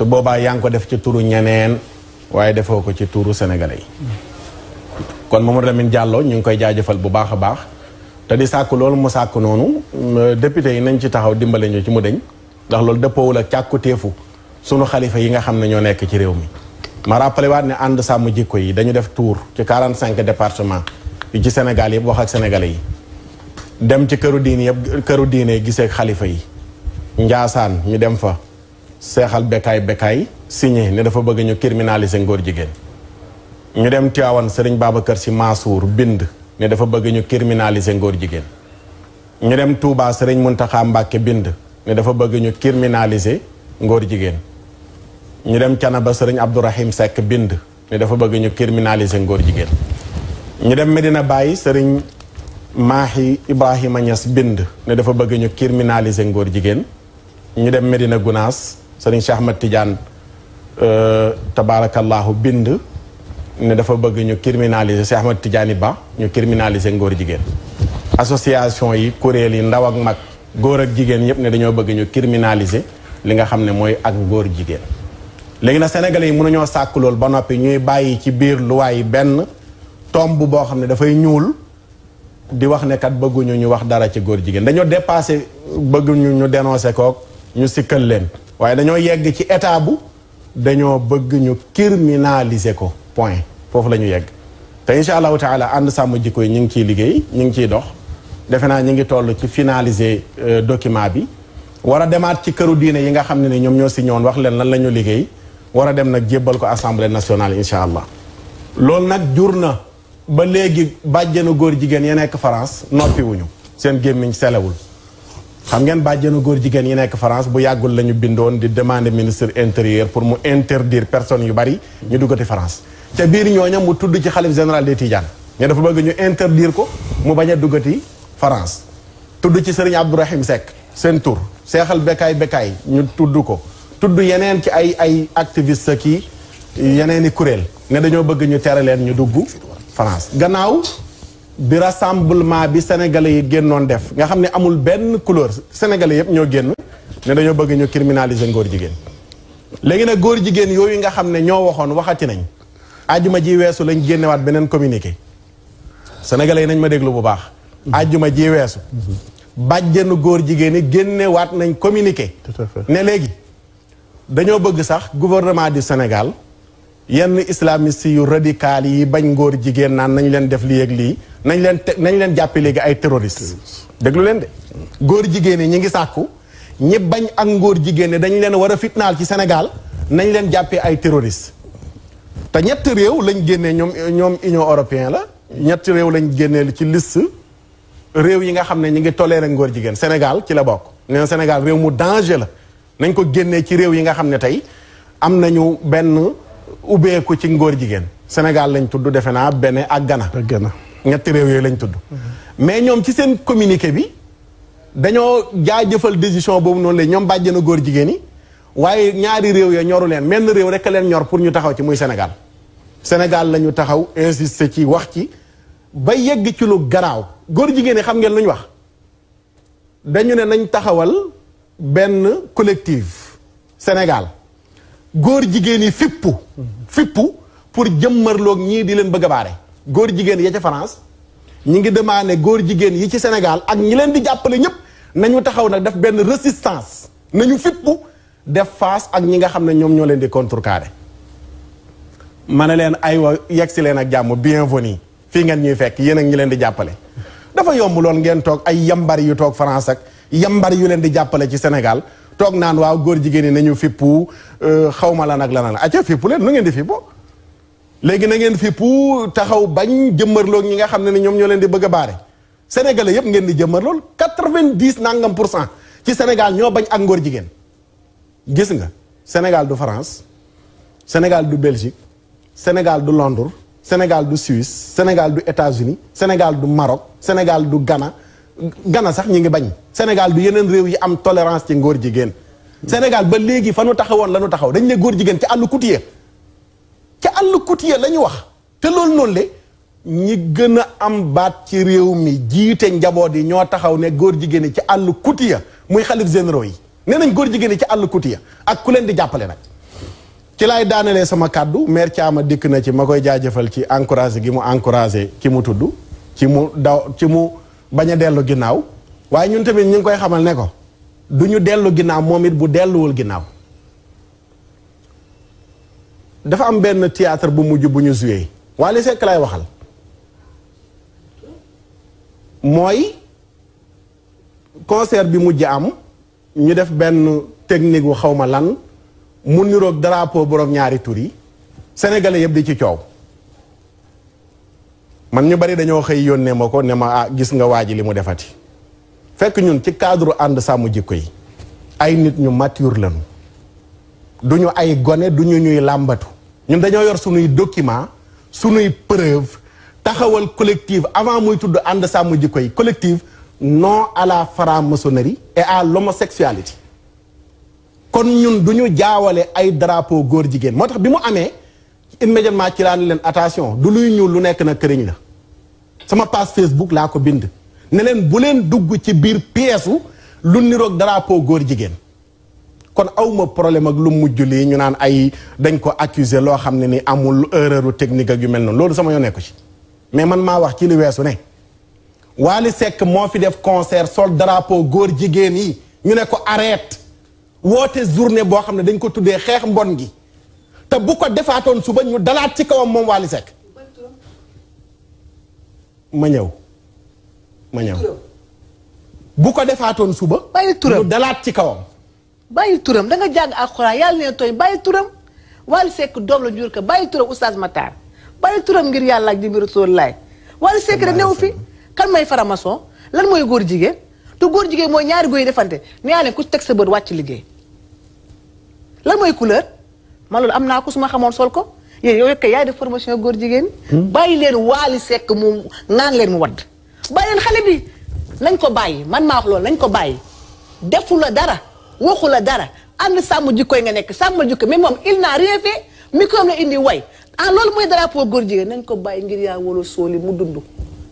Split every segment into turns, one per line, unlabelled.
su boobaa yaa ngi ko def ci turu ñeneen waaye defoo ko ci tuuru sénégalais yi kon Mamadou Lamine jàlloo ñu ngi koy jaajëfal bu baax a baax te di sàkk loolu mu sàkk noonu euh, député yi nañ ci taxaw dimbale ñu ci mu deñ ndax loolu dëppoowul ak càkkutéefu sunu xalifa yi nga xam ne ñoo nekk ci réew mi ma rappelé waat ne ànd sàmm jikko yi dañu def tour ci cinq département yi ci Sénégal yëpp wax ak sénégalais yi dem ci këru diine yëpp këru diine gisee xalifa yi njaasaan ñu dem fa seexal bekkaay bekkaay signé ne dafa bëgg ñu criminaliser ngóor jigéen ñu dem Tiwaawan sëriñ Babacar Si Mansour bind ne dafa bëgg ñu criminaliser ngóor jigéen ñu dem Touba sëriñ Muntaxa Mbàkke bind ne dafa bëgg ñu criminaliser ngóor jigéen ñu dem Canaba sëriñ Abdourahim Seck bind ne dafa bëgg ñu criminaliser ngóor jigéen ñu dem Medina Baye sëriñ Maahi Ibrahima Niass bind ne dafa bëgg ñu criminaliser ngóor jigéen ñu dem Medina Gunaas sëriñ Cheikh Ahmad Tidiane euh, tabaarakallaahu bind ne dafa bëgg ñu criminaliser Cheikh Ahmad Tidiane Ba ñu criminaliser ngóor jigéen association yi kuréel yi ndaw ak mag góor ak jigéen yépp ne dañoo bëgg ñu criminaliser li nga xam ne mooy ak ngóor jigéen léegi nag sénégalais yi mënuñoo sàkk lool ba noppi ñuy bàyyi ci biir luwaay yi benn tomb boo xam ne dafay ñuul di wax ne kat bëgguñu ñu wax dara ci góor jigéen dañoo dépassé bëgguñu ñu dénoncé kook ñu sikkal leen waaye dañoo yegg ci état bu dañoo bëgg ñu criminaliser ko point foofu la ñu yegg te incha allahu taala ànd sàmm jikko yi ñu ngi ciy liggéey ñu ngi ciy dox defe naa ñu ngi toll ci finaliser euh, document bi war demaat ci këru diine yi nga xam ne ni ñoom ñoo si ñoon wax leen lan la ñu liggéey war dem nag jébbal ko assemblée nationale incha allah loolu nag jur na ba léegi bàjjenu góor jigéen ya nekk France noppiwuñu seen gémmiñ selewul xam ngeen bàjjenu góor jigéen yi nekk France bu yàggul la ñu bindoon di demander ministre intérieur pour mu interdire personnes yu bari ñu duggati France ca biir ñooña mu tudd ci xalif général des Tidiane ne dafa bëgg ñu interdire ko mu bañ a duggati France tudd ci sëriñ Abdourahim Seck seen tour seexal bekkaay bekkaay ñu tudd ko tudd yeneen ci ay ay activiste kii yeneen i kuréel ne dañoo bëgg ñu tere leen ñu dugg France gannaaw bi rassemblement bi sénégalais yi génnoon def nga xam ne amul benn couleur sénégalais yëpp ñoo génn ne dañoo bëgg ñu criminaliser ngóor jigéen léegi nag góor jigéen yooyu nga xam ne ñoo waxoon waxati nañ ajjuma ji weesu lañ génnewaat beneen communiqué sénégalais yi nañ ma déglu bu baax ajjuma ji weesu bàjjenu góor jigéen yi génnewaat nañ communiqué ne léegi dañoo bëgg sax gouvernement du Sénégal yenn islamiste yu radical yi bañ ngóor jigéen naan nañu leen def lii yéeg lii nañ leen te nañ leen jàppe léegi ay terroriste déglu leen de góor jigéen yi ñi ngi sàkku ñi bañ ak ngóor jigéen ni dañu leen war a fitnaal ci Sénégal nañ leen jàppee ay terroriste te ñett réew lañ génnee ñoom ñoom union européen la ñett réew lañ génnee ci list réew yi nga xam ne ñu ngi toléré ngóor jigéen Sénégal ci la bokk nee Sénégal réew mu danger la nañ ko génnee ci réew yi nga xam ne tey am nañu benn ubbeeku ci ngóor jigéen Sénégal lañ tudd defe naa Bénin ak Ghana ñetti réew yooyu lañ tudd mais ñoom ci seen communiqué bi dañoo jaajëfal décision boobu noonu la ñoom na góor jigéen yi waaye ñaari réew ya ñoru leen menn réew rek leen ñor pour ñu taxaw ci muy Sénégal Sénégal la ñu taxaw insister ci wax ci ba yegg ci lu garaaw góor jigéen yi xam ngeen lu wax dañu ne nañ taxawal benn collectif Sénégal góor jigéen yi fippu fippu pour jëmmarloog ñii di leen bëgg a baare góor jigéen yi ca France ñi ngi demandé góor jigéen yi ci Sénégal ak ñi leen di jàppale ñëpp nañu taxaw nag def benn résistance nañu fippu def fas ak ñi nga xam ne ñoom ñoo leen di contrecarrer ma ne leen aywa yegg si leen ak jàmm bienvenue fii ngeen ñuy fekk yéen ak ñi leen di jàppale dafa yomb lool ngeen toog ay yambar yu toog France ak yambar yu leen di jàppale ci Sénégal toog naan waaw góor jigéen ñi nañu fippu euh, xaw ma lan ak lan la acca fippu leen lu ngeen di fippu léegi na ngeen fippu taxaw bañ jëmmarloog ñi nga xam ne ni ñoom ñoo leen di bëgg a baare sénégalais yëpp ngeen di jëmmarlool quatre-vingt-dix nangam pour cent ci Sénégal ñoo bañ ak ngóor jigéen gis nga Sénégal du France Sénégal du Belgique Sénégal du Londres Sénégal du Suisse Sénégal du États-Unis Sénégal du Maroc Sénégal du Ghana Ghana sax ñi ngi bañ Sénégal du yeneen réew yi am tolérance ci ngóor jigéen Sénégal ba léegi fa nu taxawoon la nu taxaw dañ ne góor jigéen ca àll kutiya ca àll kutiya la wax te loolu noonu le ñi gën a am baat ci réew mi jiite njaboot yi ñoo taxaw ne góor jigéen yi ci àll kutiya muy xalif généraux yi nee nañ góor jigéen yi ci àll kutiya ak ku leen di jàppale nag ci laay daanelee sama kàddu maire Thiama dikk na ci ma koy jaajëfal ci encouragé gi mu encouragé ki mu tudd ci mu daw ci mu bañ a dellu ginnaaw waaye ñun tamit ñu ngi koy xamal ne ko du ñu dellu ginnaaw moom it bu delluwul ginnaaw dafa am benn théâtre bu mujj bu ñu joué Wally Seck lay waxal mooy concert bi mujj am ñu def benn technique wu xaw ma lan mu niroog drapeau boroom ñaari tur yi sénégalais yëpp di ci coow man ñu bari dañoo xëy yónnee ma ko ne ma ah, gis nga waa ji li mu defati fekk ñun ci cadre ànd sàmm jikko yi ay nit ñu mature lañu duñu ay gone du ñu ñuy làmbatu ñun dañoo yor suñuy document sunuy preuve taxawal collective avant muy tudd ànd sàmm jikko yi collectif non à la franc-maçonnerie et à l'homosexualité kon ñun du ñu jaawale ay drapeau góor jigéen moo tax bi mu amee immédiatement ci laa ne leen attention du luy ñuul lu nekk na këriñ la sama page Facebook laa ko bind neleen bu leen dugg ci biir pièce lu niroog drapeau góor jigéen kon awma problème ak lu mujj lii ñu naan ay dañ ko accuser loo xam ne ni amul erreur technique yu mel noonu loolu sama yoon nekku ci mais man maa wax ci li weesu ne Wally Seck moo fi def concert sol drapeau góor jigéen yi ñu ne ko arrête woote journée boo xam ne dañ ko tuddee xeex mbon gi te bu ko defaatoon suba ñu dalaat ci kawam moom waali Seck ma ñëw ma bu
ko defaatoon suba. bàyyi turam mu dalaat ci kawam. bàyyi turam danga nga jàng alxuraan yàlla nee tooñ bàyyi turam Wally Seck doom la njur ko bàyyi turam ma Matar bàyyi turam ngir yàlla ak di mbiru sóor laay. Wally Seck da newu fi kan may faramason lan mooy góor jigéen te góor jigéen mooy ñaari góor yi defante nee naa ku teg sa bët wàcc liggéey lan mooy couleur man loolu am naa ko su ma xamoon sol ko yéen yow kay yaay def formation góor jigéen. Hmm? bàyyi leen Wally Seck mu naan leen mu wadd. bàyyi leen xale bi nañ ko bàyyi man maa wax loolu nañ ko bàyyi defu la dara waxu la dara ànd sàmm yi nga nekk sàmm jikko mais moom il n'a rien fait micro la indi way ah loolu mooy drapeau góor jigéen nañ ko bàyyi ngir yaa wala sooli mu dund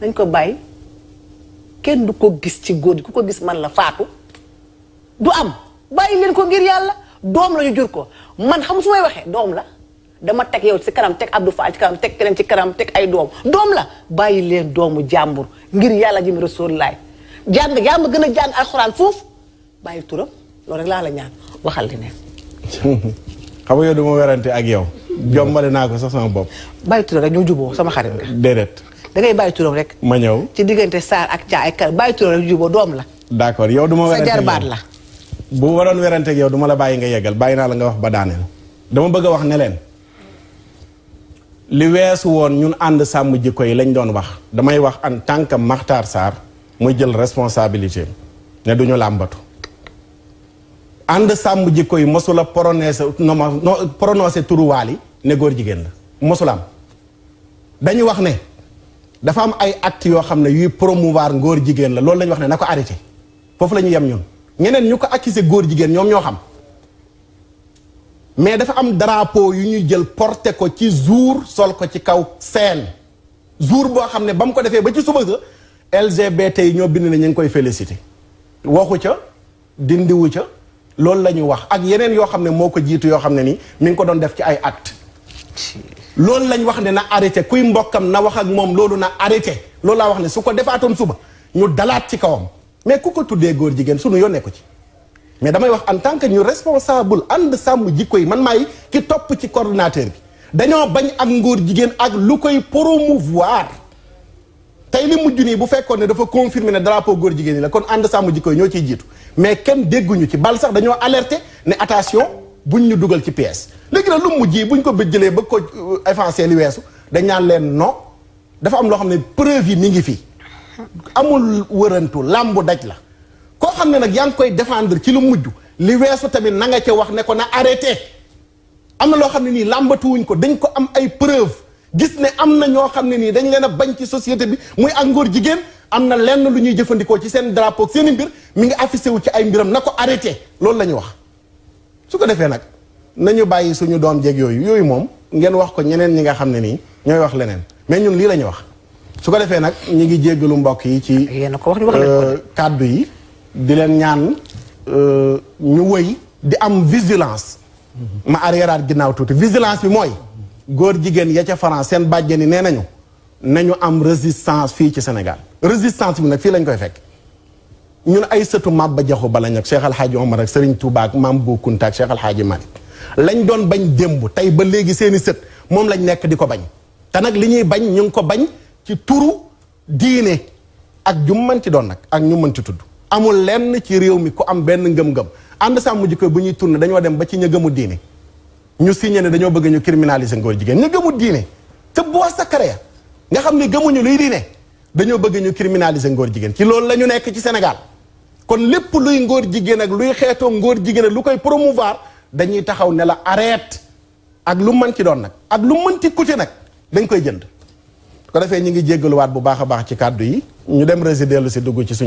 nañ ko bàyyi kenn du ko gis ci góor ji ku ko gis man la faatu du am bàyyi leen ko ngir yàlla doom la jur ko man xam su may waxee doom la dama teg yow ci kanam teg Abdou Fall ci kanam teg keneen ci kanam teg ay doom doom la bàyyi leen doomu jàmbur ngir yàlla ji mi Rasulullah jàng yaa ma gën a jàng alxuraan foofu bàyyi turam loolu la ñaan waxal xam nga yow duma ak yow. jombale naa ko sax sama bopp. bàyyi turam rek ñoo juboo sama xarit da ngay bàyyi turam rek. ma ñëw ci diggante Saar ak Caa ak Kër bàyyi turam doom la.
d'accord yow duma werante sa jarbaat la. bu waroon werante ak yow duma bàyyi nga yeggal bàyyi naa la nga wax ba daaneel. dama bëgg a wax ne leen. li weesu woon ñun ànd sàmm jikko yi lañ doon wax damay wax en tant que Makhtar Sarr muy jël responsabilité ne duñu làmbatu ànd sàmm jikko yi mosul a prononcé prononcé yi ne góor jigéen la mosul am dañu wax ne dafa am ay actes yoo xam ne yuy promouvoir ngóor jigéen la loolu la wax ne na ko arrêté foofu la ñu yem ñun ñeneen ñu ko accusé góor jigéen ñoom ñoo xam mais dafa am drapeau yu ñu jël porté ko ci jour sol ko ci kaw seen jour boo xam ne ba mu ko defee ba ci suba sa LGBT yi ñoo bind ne ñu ngi koy félicité waxu ca dindiwu ca loolu la ñu wax ak yeneen yoo xam ne moo ko jiitu yoo xam ne nii mi ngi ko doon def ci ay acte loolu lañ wax ne na arrêté kuy mbokkam na wax ak moom loolu na arrêté loolu laa wax ne su ko defaatoon suba ñu dalaat ci kawam mais ku ko tuddee góor jigéen sunu yoon nekku ci mais damay wax en tant que ñu responsable ànd sàmm jikko yi man maay ki topp ci coordonnateur bi dañoo bañ ak ngóor jigéen ak lu koy promouvoir tey li mujj nii bu fekkoon ne dafa confirmer ne drapeau góor jigéen yi la kon ànd sàmm jikko yi ñoo ciy jiitu mais kenn dégguñu ci bal sax dañoo alerter ne attention buñ ñu dugal ci pièce léegi nag lu mujj yi buñ ko bëjjëlee ba ko euh, effacé li weesu dañ naan leen non dafa am loo xam ne preuve yi ngi fii amul wërantu làmbu daj la. xam ne nag yaa ngi koy défendre ci lu mujj li weesu tamit na nga ca wax ne ko arrêté am na loo xam ne nii làmbatuwuñ ko dañ ko am ay preuve gis ne am na ñoo xam ne nii dañ leen a bañ ci société bi muy ak ngóor jigéen am na lenn lu ñuy jëfandikoo ci seen drapeau seen mbir mi ngi affiché wu ci ay mbiram na ko arrêté loolu la ñu wax su ko defee nag nañu bàyyi suñu doom jeeg yooyu yooyu moom ngeen wax ko ñeneen ñi nga xam ne nii ñooy wax leneen mais ñun lii la ñu wax su ko defee nag ñi ngi jéggalu mbokk yi ci euh, kàddu yi di leen ñaan euh, ñu wëy di am vigilance ma arriéraat ginnaaw tuuti vigilance bi mooy góor jigéen ya ca France seen bàjjen yi nee nañu nañu am résistance fii ci Sénégal résistance bi nag fii lañ koy fekk ñun ay sëtu Maba Jaxu Ba lañ ak Cheikh Al Hadj Omar ak Serigne Touba ak Mame Bou Kounta lañ doon bañ démb tey ba léegi seeni sët moom lañ nekk di ko bañ te nag li ñuy bañ ñu ngi ko bañ ci turu diine ak ju mën ci doon nag ak ñu mën ci tudd amul lenn ci réew mi ku am benn ngëm-ngëm ànd sàmm jikko bu ñuy tourné dañoo dem ba ci ña gëmu diine ñu signé ne dañoo bëgg ñu criminaliser ngoor jigéen ña gëmu diine te boo sacré nga xam ni gëmuñu luy diine dañoo bëgg ñu criminaliser ngoor jigéen ci loolu la ñu nekk ci Sénégal kon lépp luy ngóor jigéen ak luy xeetoo ngóor jigéen ak lu koy promouvoir dañuy taxaw ne la arrête ak lu mën ci doon nag ak lu mën ci coûter nag dañ koy jënd ko defee ñu ngi jéggaluwaat bu baax a baax ci kàddu yi ñu dem résider lu si dugg ci suñ